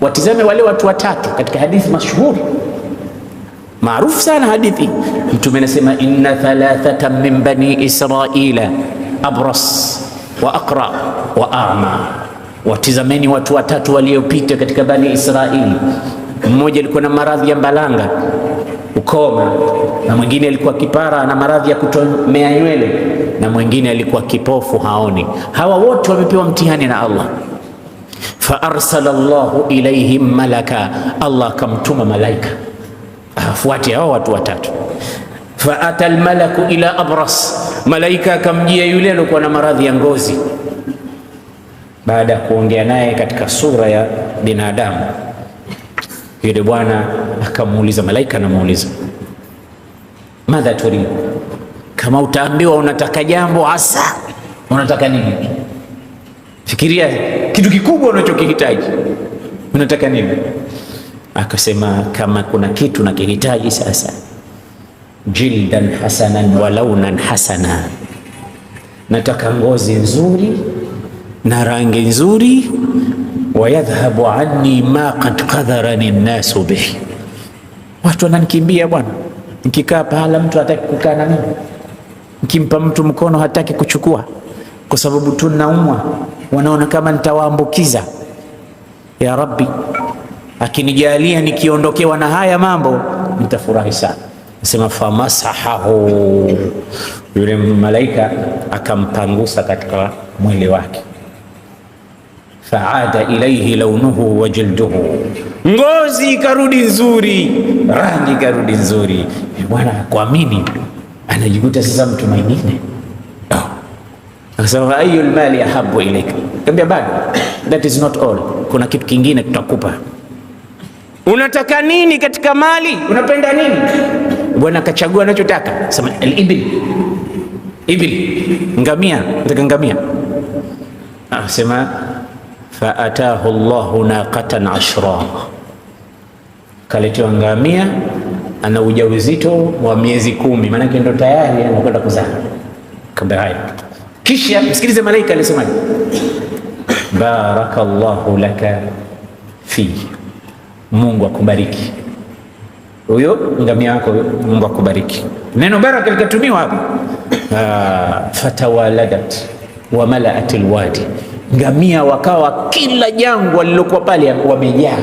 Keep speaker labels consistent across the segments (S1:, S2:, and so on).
S1: Watizame wale watu watatu katika hadithi mashuhuri maarufu sana hadithi. Mtume anasema inna thalathata min bani israila abras wa aqra wa ama, watizameni watu watatu waliopita katika bani Israili. Mmoja alikuwa na maradhi ya mbalanga, ukoma, na mwingine alikuwa kipara na maradhi ya kutomea nywele, na mwingine alikuwa kipofu, haoni. Hawa wote wamepewa mtihani na Allah fa arsala llahu ilaihim malaka, Allah akamtuma malaika afuate hao watu watatu. Fa ata lmalaku ila abras, malaika akamjia yule aliokuwa na maradhi ya ngozi, baada ya kuongea naye katika sura ya binadamu. Yule bwana akamuuliza malaika, anamuuliza madha turid, kama utaambiwa unataka jambo hasa unataka nini? Fikiria kitu kikubwa unachokihitaji, unataka nini? Akasema kama kuna kitu nakihitaji sasa, jildan hasanan wa launan hasana, nataka ngozi nzuri na rangi nzuri. Wayadhhabu anni ma qad qadharani nnasu bihi, watu wananikimbia bwana. Nikikaa pahala mtu hataki kukaa na mimi, nikimpa mtu mkono hataki kuchukua kwa sababu tunaumwa, wanaona kama nitawaambukiza. Ya Rabbi, akinijalia nikiondokewa na haya mambo nitafurahi sana. Nasema famasahahu, yule malaika akampangusa katika mwili wake, faada ilaihi launuhu wa jilduhu, ngozi ikarudi nzuri, rangi ikarudi nzuri. Bwana kwamini anajikuta sasa mtu mwingine akasema wa ayu lmali ahabu ilaika, kambia bado, that is not all, kuna kitu kingine tutakupa. Unataka nini katika mali? Unapenda nini? Bwana akachagua anachotaka, sema al-ibil, ibil, ngamia, nataka ngamia. Akasema fa atahu llahu naqatan ashra, kaletewa ngamia ana ujauzito wa miezi kumi, maanake ndo tayari anakwenda kuzaa. Kambia haya kisha msikilize malaika alisemaje, barakallahu laka fi, Mungu akubariki huyo ngamia wako, Mungu akubariki. Neno baraka likatumiwa hapo, ah, fatawaladat wa malaat alwadi, ngamia wakawa kila jangwa lilokuwa pale wamejaa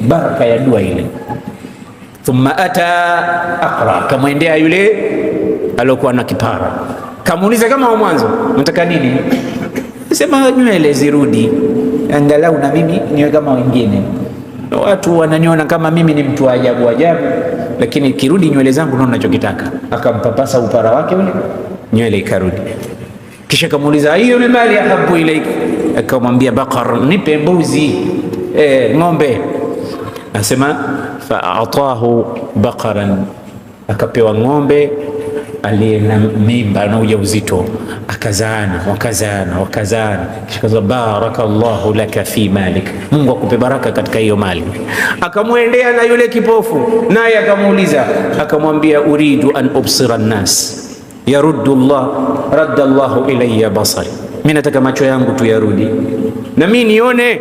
S1: baraka ya dua ile. Thumma ata aqra, kamwendea yule aliokuwa na kipara Kamuuliza kama wa mwanzo, nataka nini? Sema nywele zirudi, angalau na mimi niwe kama wengine. Watu wananiona kama mimi ni mtu wa ajabu ajabu, lakini kirudi nywele zangu ndio ninachokitaka. Akampapasa upara wake ule, nywele ikarudi. Kisha kamuuliza hiyo ni mali ahabu ilaiki, akamwambia bakar, nipe mbuzi e, ng'ombe. Asema faatahu bakaran, akapewa ng'ombe aliye na mimba na ujauzito akazaana wakazaana wakazaana, kisha kaza llahu laka fi malik, Mungu akupe baraka katika hiyo mali. Akamwendea na yule kipofu, naye akamuuliza akamwambia, uridu an ubsira nnas yaruddu llah radda llahu ilaya basari, mi nataka macho yangu tu yarudi na mi nione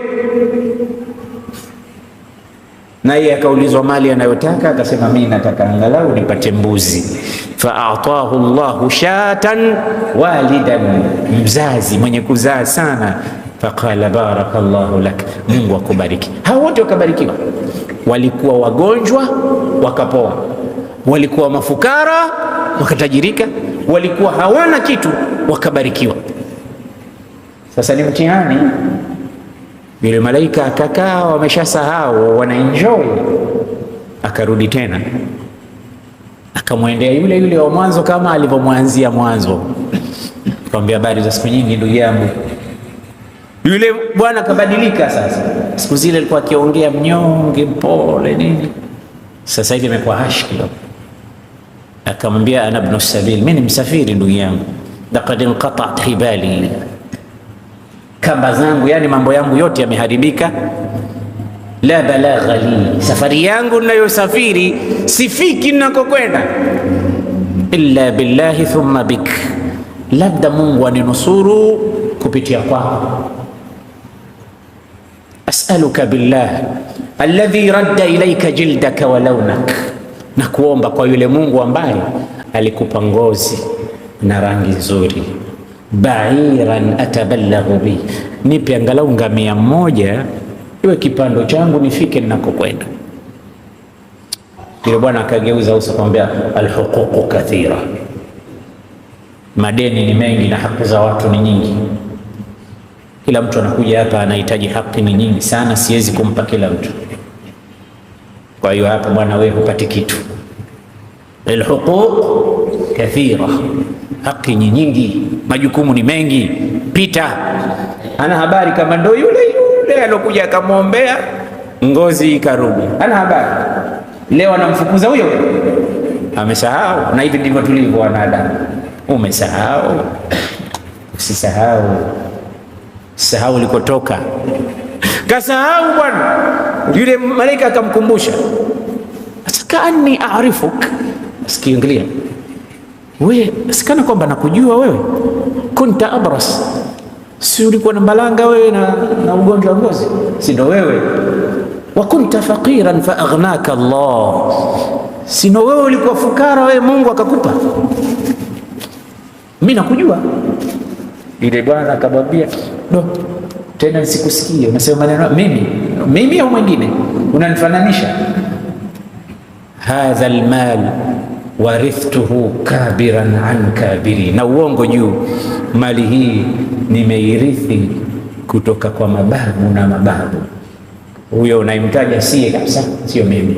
S1: na yeye akaulizwa mali anayotaka, akasema mimi nataka angalau nipate mbuzi. Faatahu llahu shatan walidan, mzazi mwenye kuzaa sana. Faqala baraka llahu lak, Mungu akubariki. Hao wote wakabarikiwa, walikuwa wagonjwa wakapoa, walikuwa mafukara wakatajirika, walikuwa hawana kitu wakabarikiwa. Sasa ni mtihani yule malaika akakaa, wameshasahau wanaenjoy. Akarudi tena akamwendea yule yule wa mwanzo kama alivyomwanzia mwanzo, akamwambia habari za siku nyingi ndugu yangu. Yule bwana akabadilika sasa. Siku zile alikuwa akiongea mnyonge, mpole nini, sasa hivi amekuwa hashkilo. Akamwambia ana ibn sabil, mimi ni msafiri ndugu yangu, laqad inqata'at hibali kamba zangu, yani mambo yangu yote yameharibika. La balagha li, safari yangu ninayosafiri sifiki ninakokwenda. Illa billahi thumma bik, labda Mungu aninusuru kupitia kwako. As'aluka billah alladhi radda ilayka jildaka wa launak, na kuomba kwa yule Mungu ambaye alikupa ngozi na rangi nzuri bairan atabalaghu bi, nipe angalau ngamia mmoja iwe kipando changu nifike ninakokwenda. Yule bwana akageuza uso akamwambia, alhuququ kathira, madeni ni mengi na haki za watu ni nyingi. Kila mtu anakuja hapa anahitaji haki, ni nyingi sana, siwezi kumpa kila mtu. Kwa hiyo hapa bwana, wewe hupati kitu. alhuququ kathira, haki ni nyingi majukumu ni mengi. Pita ana habari kama ndo yule yule alokuja akamwombea ngozi ikarudi, ana habari leo anamfukuza huyo, amesahau. Na hivi ndivyo tulivyo wanadamu, umesahau usisahau, sahau ulikotoka. Kasahau bwana, yule malaika akamkumbusha, kaani arifuk, sikiingilia we sikana kwamba nakujua wewe, kunta abras, si ulikuwa na mbalanga wewe na, na ugonjwa wa ngozi, si ndo wewe? Wa kunta faqiran fa aghnaka Allah, si ndo wewe ulikuwa fukara wewe, Mungu akakupa. Mimi nakujua. Ile bwana akamwambia do tena nisikusikie unasema maneno mimi mimi au mwingine unanifananisha, hadha almal warithtuhu kabiran an kabiri, na uongo juu mali hii nimeirithi kutoka kwa mababu na mababu. Huyo unayemtaja siye kabisa, sio mimi.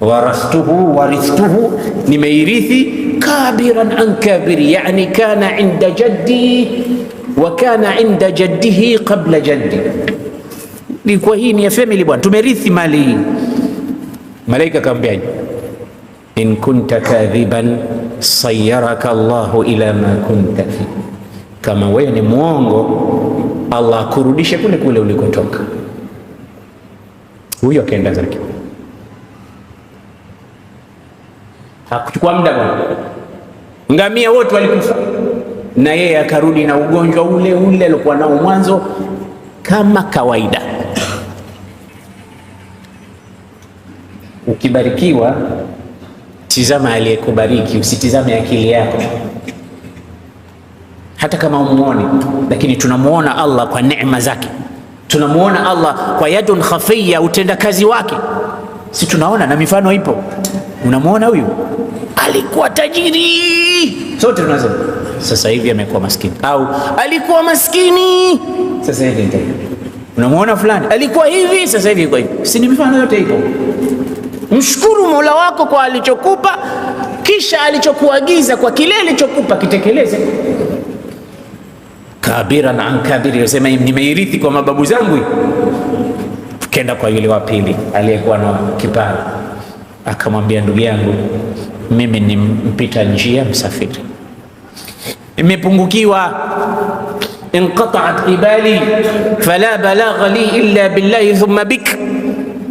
S1: Warithtuhu, warithtuhu, nimeirithi kabiran an kabiri, yani kana inda jaddi wa kana inda jaddihi qabla jaddi. kwa hii ni ya family bwana, tumerithi mali hii. Malaika kamwambia in kunta kadhiban sayaraka Allahu ila ma kunta fi, kama wewe ni mwongo Allah akurudishe kule kule ulikotoka. Huyo akaenda zake, hakuchukua muda bwana, ngamia wote walikufa na yeye akarudi na ugonjwa ule ule alikuwa nao mwanzo kama kawaida. Ukibarikiwa Tizama aliyekubariki, usitizame akili yako, hata kama umuone, lakini tunamuona Allah kwa neema zake, tunamuona Allah kwa yadun khafiya, utendakazi wake. Si tunaona na mifano ipo. Unamuona huyu alikuwa tajiri, sote tunasema, sasa hivi amekuwa maskini, au alikuwa maskini, sasa hivi. Unamuona fulani alikuwa hivi, sasa hivi yuko hivi, si ni mifano yote ipo Mshukuru Mola wako kwa alichokupa, kisha alichokuagiza kwa kile alichokupa kitekeleze. Kabiran an kabiri, sema nimeirithi kwa mababu zangu. kenda kwa yule wa pili aliyekuwa na kipara, akamwambia ndugu yangu, mimi ni mpita njia, msafiri, imepungukiwa inqataat ibali fala balagha li illa billahi thumma bik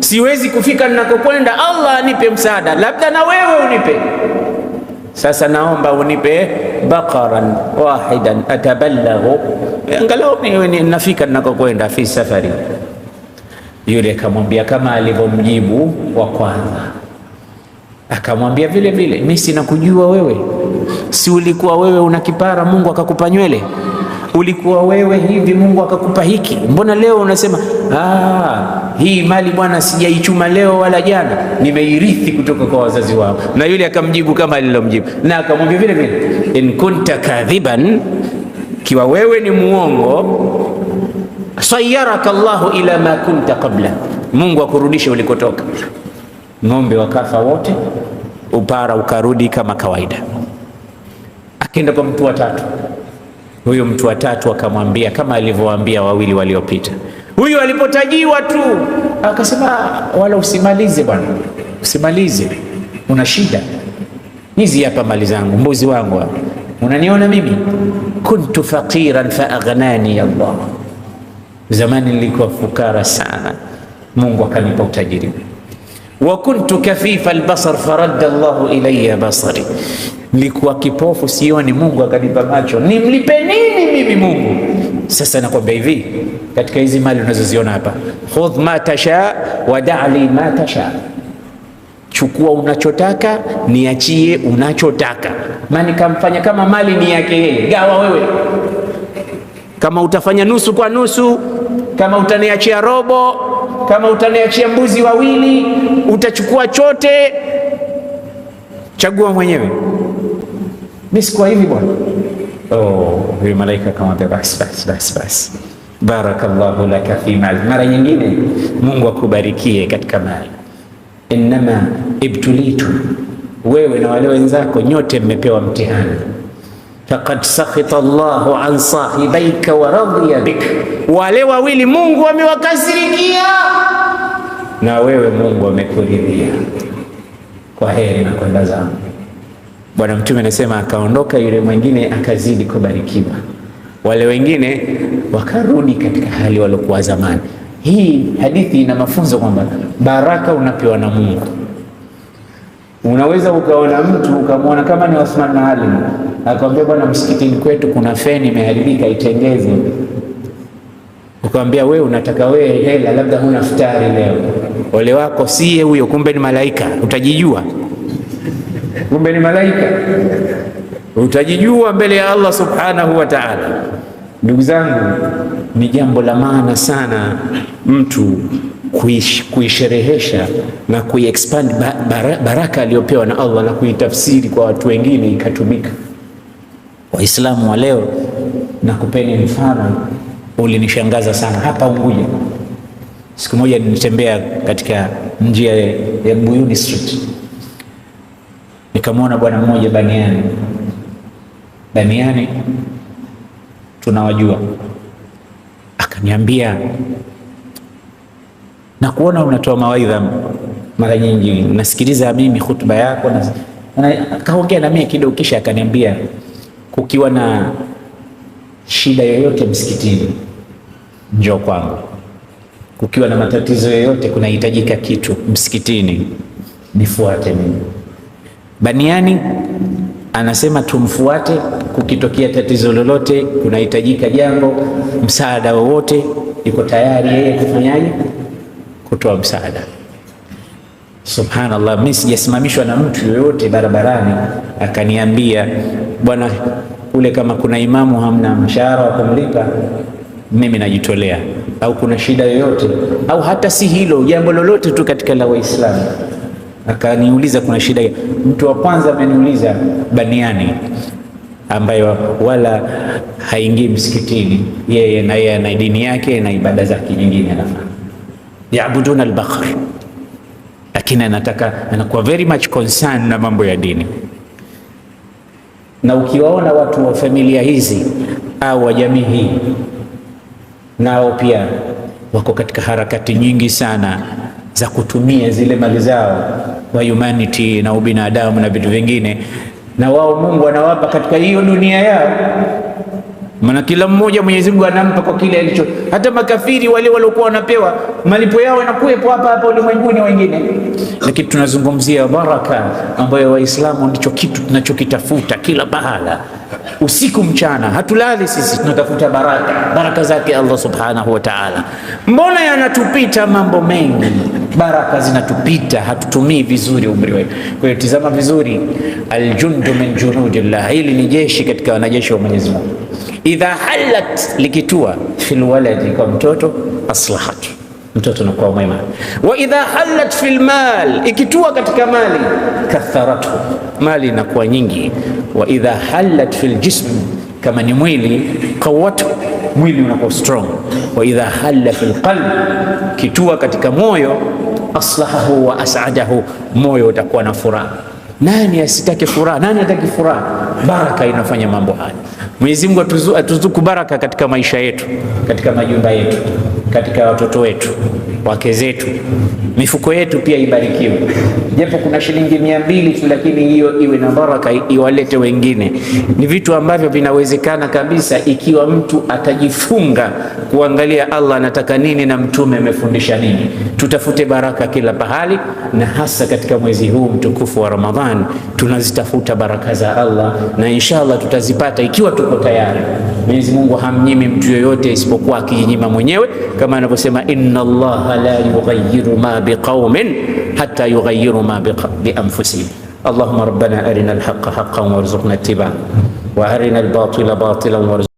S1: siwezi kufika ninakokwenda, Allah anipe msaada, labda na wewe unipe. Sasa naomba unipe baqaran wahidan atabalaghu, angalau niwe nafika ninakokwenda fi safari. Yule akamwambia kama alivyomjibu wa kwanza, akamwambia vile vile, mimi sina kujua wewe, si ulikuwa wewe una kipara Mungu akakupa nywele Ulikuwa wewe hivi, Mungu akakupa hiki, mbona leo unasema ah, hii mali bwana, sijaichuma leo wala jana, nimeirithi kutoka kwa wazazi wao Na yule akamjibu kama alilomjibu, na akamwambia vile vile, in kunta kadhiban, kiwa wewe ni muongo, sayaraka Allahu ila ma kunta qabla, Mungu akurudishe ulikotoka. Ng'ombe wakafa wote, upara ukarudi kama kawaida. Akenda kwa mtu wa tatu Huyu mtu wa tatu akamwambia kama alivyowaambia wawili waliopita. Huyu alipotajiwa tu akasema, ah, wala usimalize bwana, usimalize, una shida. Hizi hapa mali zangu, mbuzi wangu hapa, unaniona mimi, kuntu faqiran fa aghnani Allah, zamani nilikuwa fukara sana, Mungu akanipa utajiri wa kuntu kafifa albasar faradda llahu ilayya basari, nilikuwa kipofu sioni, Mungu akanipa macho. Nimlipe nini mimi Mungu? Sasa nakwambia hivi, katika hizi mali unazoziona hapa, khudh ma tasha wa da'li ma tasha, chukua unachotaka niachie unachotaka. Maana kamfanya kama mali ni yake yeye, gawa wewe, kama utafanya nusu kwa nusu, kama utaniachia robo kama utaniachia mbuzi wawili, utachukua chote, chagua mwenyewe, mimi sikuwa hivi bwana. Oh, huyu malaika akamwambia basi basi basi basi, barakallahu laka fi mali, mara nyingine Mungu akubarikie katika mali. Innama ibtulitu, wewe na wale wenzako nyote mmepewa mtihani Faqad sakhita Allah an sahibaika wa radiya bik, wale wawili Mungu amewakasirikia na wewe Mungu amekuridhia. Kwa heri na kwenda zangu. Bwana Mtume anasema, akaondoka yule mwingine akazidi kubarikiwa, wale wengine wakarudi katika hali waliokuwa zamani. Hii hadithi ina mafunzo kwamba baraka unapewa na Mungu Unaweza ukaona mtu ukamwona kama ni Othman Maalim akamwambia, bwana, msikitini kwetu kuna feni imeharibika, itengeze. Ukamwambia wewe unataka wewe hela, labda huna futari leo, ole wako, siye huyo, kumbe ni malaika. Utajijua kumbe ni malaika, utajijua mbele ya Allah subhanahu wa ta'ala. Ndugu zangu, ni jambo la maana sana mtu kuisherehesha na kuiexpand baraka aliyopewa na Allah na kuitafsiri kwa watu wengine ikatumika. Waislamu wa leo, nakupeni mfano ulinishangaza sana hapa Unguja. Siku moja nilitembea katika njia ya Buyuni Street, nikamwona bwana mmoja Baniani. Baniani tunawajua, akaniambia na kuona unatoa mawaidha. Mara nyingi nasikiliza mimi hutuba yako, kaongea na mimi kidogo, kisha akaniambia kukiwa na shida yoyote msikitini njoo kwangu, kukiwa na matatizo yoyote, kunahitajika kitu msikitini nifuate mimi. Baniani anasema tumfuate, kukitokea tatizo lolote, kunahitajika jambo, msaada wowote, iko tayari yeye kufanyaje kutoa msaada. Subhanallah, mimi sijasimamishwa na mtu yoyote barabarani akaniambia bwana, kule kama kuna imamu hamna mshahara wa kumlipa, mimi najitolea, au kuna shida yoyote, au hata si hilo jambo lolote tu katika la Waislamu. Akaniuliza kuna shida. Mtu wa kwanza ameniuliza baniani ambayo wala haingii msikitini, yeye na yeye ana dini yake na ibada zake nyingine anafanya yabuduna al-bakhr, lakini anataka anakuwa very much concerned na mambo ya dini. Na ukiwaona watu wa familia hizi au wa jamii hii, nao pia wako katika harakati nyingi sana za kutumia zile mali zao wa humanity na ubinadamu na vitu vingine, na wao Mungu anawapa katika hiyo dunia yao maana kila mmoja Mwenyezi Mungu anampa kwa kile alicho. Hata makafiri wale waliokuwa wanapewa malipo yao yanakuwepo hapa hapa ulimwenguni wengine, lakini tunazungumzia baraka ambayo Waislamu ndicho kitu tunachokitafuta kila bahala usiku mchana, hatulali sisi, tunatafuta baraka, baraka zake Allah subhanahu wa ta'ala. Mbona yanatupita mambo mengi, baraka zinatupita, hatutumii vizuri umri wetu. Kwa hiyo tizama vizuri, aljundu min junudillah, hili ni jeshi katika wanajeshi wa Mwenyezi Mungu. Idha halat likitua, fil waladi, kwa mtoto aslahatu mtoto anakuwa mwema. Wa idha halat fil mal, ikitua katika mali katharatu, mali inakuwa nyingi. Wa idha halat fil jism, kama ni mwili qawatu, mwili unakuwa strong. Wa idha halla fil qalb, kitua katika moyo aslahahu wa as'adahu, moyo utakuwa na furaha. Nani asitake furaha? Nani ataki furaha? Baraka inafanya mambo haya. Mwenyezi Mungu atuzuku baraka katika maisha yetu, katika majumba yetu katika watoto wetu, wake zetu, mifuko yetu pia ibarikiwe. Japo kuna shilingi mia mbili tu, lakini hiyo iwe na baraka, iwalete wengine. Ni vitu ambavyo vinawezekana kabisa ikiwa mtu atajifunga kuangalia Allah anataka nini na Mtume amefundisha nini. Tutafute baraka kila pahali, na hasa katika mwezi huu mtukufu wa Ramadhani tunazitafuta baraka za Allah na inshallah tutazipata ikiwa tuko tayari. Mwenyezi Mungu hamnyimi mtu yoyote isipokuwa akijinyima mwenyewe. kama anavyosema inna allaha la yughayyiru ma biqaumin hatta yughayyiru ma bianfusihim allahumma rabbana arina alhaqa haqqan warzuqna ittibaa wa arina albatila batilan